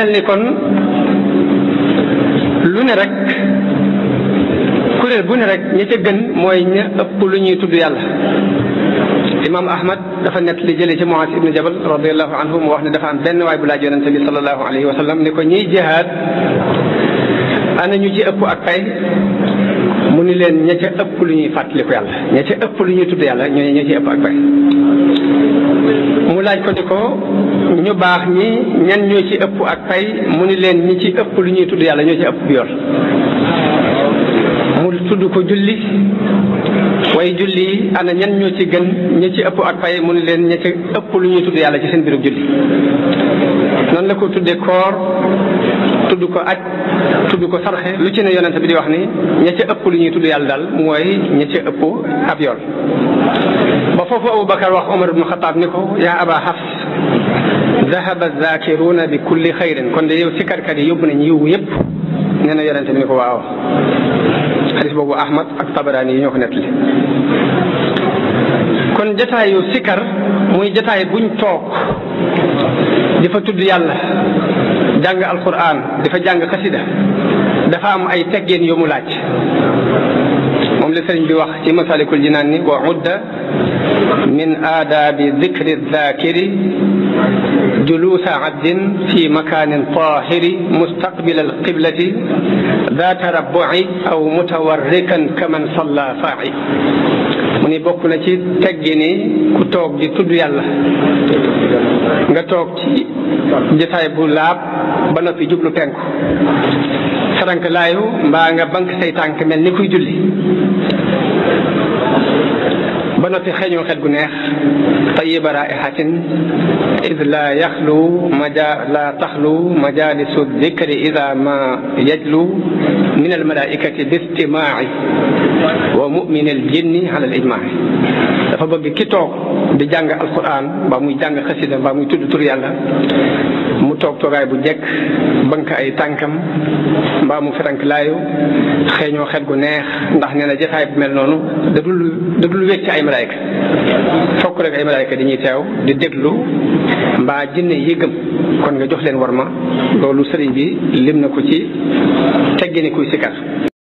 mel ni kon lu ne rek kuréel bu ne rek ña ca gën mooy ña ëpp lu ñuy tudd yàlla imaam ahmad dafa nett li jëlee ci moas ibnu jabal radiallahu anhu mu wax ne dafa am benn waay bu laaj na bi salallahu alayhi wa sallam ne ko ñiy jihaad ana ñu ci ëpp ak pay mu ni leen ña ëpp lu ñuy fàttaliku yàlla ña ëpp lu ñuy tudd yàlla ñooñu ëpp ak pay mu laaj ko ni ko ñu baax ñi ñan ñoo ci ëpp ak pay mu ni leen ñi ci ëpp lu ñuy tudd yàlla ñoo ci ëpp yoon mu tudd ko julli waaye julli ana ñan ñoo ci gën ñi ci ëpp ak pay mu ni leen ña ci ëpp lu ñuy tudd yàlla ci seen birub julli noonu la ko tuddee ko aj tudd ko sarxe lu ci ne yonent bi di wax ni ña ca ëpp lu yàlla daal mooy ña ca ëpp ab yool ba foofu Abubakar wax Omar ibnu Xataab ni ko yaa aba Hafs dahaba zakiruuna bi kulli xayrin kon de yow sikkarkat yi yóbbu nañ yiw yépp nee na yonente bi ni ko waaw xadis boobu ahmad ak tabarani yi ñoo ko nettali kon jataayu sikar muy jataay buñ toog di fa tudd yàlla jàng alquran di fa jàng xasida dafa am ay teggeen yu mu laaj moom la sëriñ bi wax ci masalikul jinaan ni wa udda min aadaabi dikri zaakiri juluusa abdin fi makaanin taahiri mustaqbila alqiblati daata rabbuci aw mutawarrikan kaman salla faaci mu ni bokk na ci teggini ku toog di tudd yàlla nga toog ci jotaay bu laab ba noppi jublu penku sarank laayu mbaa nga bank say tànk mel ni kuy julli بنوتي خيني وخد جنيه طيب رائحة إذ لا يخلو مجا لا تخلو مجالس الذكر إذا ما يجلو من الملائكة باستماع ومؤمن الجن على الإجماع dafa bëgg ki toog di jàng alquran mbaa muy jàng xasida mbaa muy tudd tur yàlla mu toog toogaay bu njëkk bank ay tànkam mbaa mu ferank laayu xeeñoo xet gu neex ndax nee na jafaay bu mel noonu da dul da dul ci ay malaayka fokk rek ay malaayka dañuy teew di déglu mbaa jinne yi kon nga jox leen war ma loolu sëriñ bi lim na ko ci teggini kuy sikar